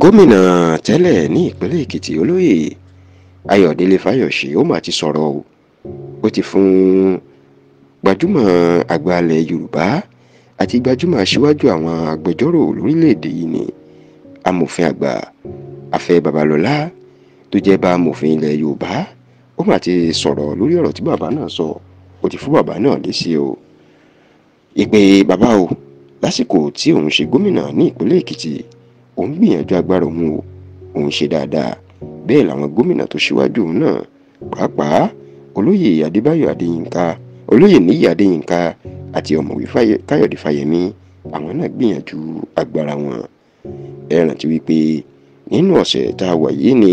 gómìnà tẹ́lẹ̀ ní ìpínlẹ̀ èkìtì olóyè ayọ̀délé fáyọ̀ṣe ó mà ti sọ̀rọ̀ o ó ti fún gbajúmọ̀ àgbàlẹ̀ yorùbá àti gbajúmọ̀ aṣíwájú àwọn agbẹjọ́rò lórílẹ̀‐èdè yìí ni amòfin àgbà afẹ́ babalọ́lá tó jẹ́ bá amòfin ilẹ̀ yorùbá ó mà ti sọ̀rọ̀ lórí ọ̀rọ̀ tí bàbá náà sọ ó ti fún bàbá náà lésì o ìpè bàbá o lásìkò tí òun ṣe gómìnà ní ìpínlẹ̀ èkìtì òun gbìyànjú agbára òun o òun ṣe dáadáa bẹ́ẹ̀ làwọn gómìnà tó ṣíwájú òun náà pàápàá olóyè adébáyọ̀ adéyínká olóyè níyì adéyínká àti ọ̀mọ̀wé káyọ̀dé fáyẹmí àwọn náà gbìyànjú agbára wọn ẹ rántí wípé nínú ọ̀sẹ̀ tá a wà yìí ni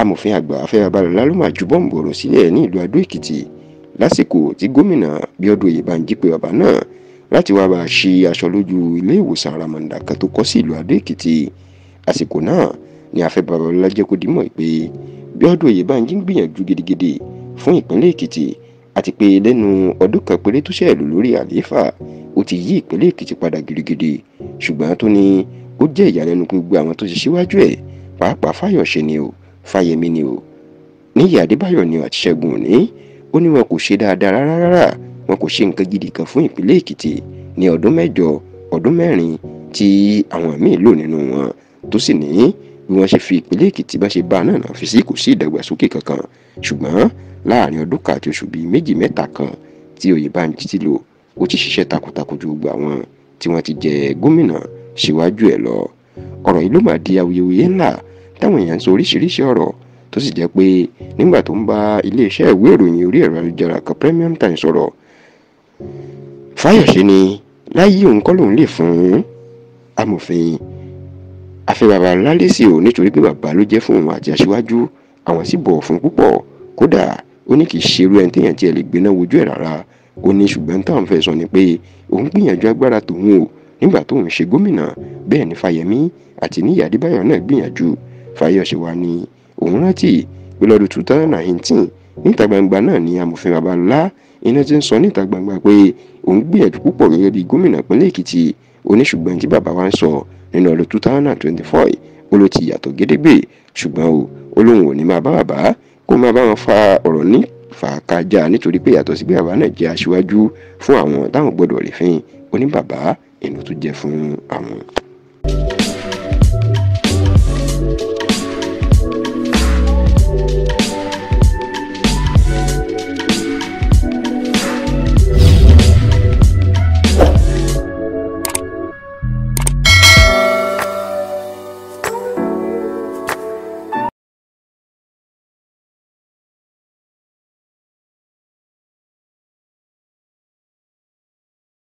amòfin àgbà afẹ́ra balọ̀lá ju bọ́ǹbù ọ̀rọ̀ sílẹ̀ ní ìlú adó èkìtì lásìkò tí gómìnà bíọ́dún oyèbánjí pé bàbá náà láti wá bá a ṣe aṣọ lójú ilé ìwòsàn àràmàǹdà kan tó kọ́ sí ìlú adó-èkìtì àsìkò náà ni afẹ́ babalọ́lá jẹ́ kó dímọ̀ pé Bíọ́dún Oyèbánjí ń gbìyànjú gidigidi fún ìpínlẹ̀ èkìtì àti pé lẹ́nu ọdún kan péré tó ṣẹ̀lú lórí àlééfà ó ti yí ìpínlẹ̀ èkìtì padà gidigidi ṣùgbọ́n tó ní ó jẹ́ ìyàlẹ́nu gbogbo àwọn tó ti ṣíwájú ẹ̀ pàápàá fáyọ̀ṣe ni o fáyẹmí ni o níyì adébáyọ̀ ni àti òní ó ní wọn kò ṣe dáadáa rárá rárá wọn kò ṣe nǹkan gidi kan fún ìpínlẹ̀ èkìtì ní ọdún mẹ́jọ ọdún mẹ́rin tí àwọn míì lò nínú wọn tó sì ní bí wọ́n ṣe fi ìpínlẹ̀ èkìtì bá ṣe bá náà náà fi sí kò sí ìdàgbàsókè kankan ṣùgbọ́n láàrin ọdún kan àti oṣù bíi méjì mẹ́ta kan tí Oyèbánjí ti lò ó ti ṣiṣẹ́ takuntakun ju gbogbo àwọn tí wọ́n ti jẹ gómìnà síwájú ẹ̀ lọ ọ̀rọ̀ yìí ló máa di awuyewuye ńlá táwọn èèyàn ń sọ oríṣiríṣi ọ̀rọ̀ tó sì jẹ́ pé nígbà tó ń bá iléeṣẹ́ ìwé ìròyìn orí ẹ̀rọ ayélujára kan Premium Times sọ̀rọ̀ fáyọ̀ṣe ni láyé òun kọ́ lòun lè fún amòfin àfi bàbá lálẹ́sì ò nítorí pé bàbá ló jẹ́ fún òun àti aṣíwájú àwọn sì bọ̀ fún púpọ̀ kódà ó ní kì í ṣerú ẹni téèyàn tiẹ̀ lè gbéná wojú ẹ̀ rárá ó ní ṣùgbọ́n táwọn fẹ́ sọ ni pé òun gbìyànjú agbára tòun o nígbà tóun ṣe gómìnà bẹ́ẹ̀ ni fáyẹmí àti níyà adébáyọ̀ náà gbìyànjú fáyọ̀ṣe wa ni òun rántí pé lọ́dún two thousand and nineteen níta gbangba náà ni amòfin babalọ́lá iná ti ń sọ níta gbangba pé òun gbìyànjú púpọ̀ ní orí gómìnà ìpínlẹ̀ èkìtì oníṣùgbọ́n tí bàbá wa ń sọ nínú ọdún two thousand and twenty four ó ló ti yàtọ̀ gédégbé ṣùgbọ́n o ó lóun ò ní máa bá bàbá kó máa bá wọn fa ọ̀rọ̀ ní fàákàjà nítorí pé yàtọ̀ sí pé bàbá náà jẹ́ aṣíwájú fún àwọn táwọn gbọ́dọ̀ rí fín oníbàbá ìlú tó jẹ́ fún àwọn.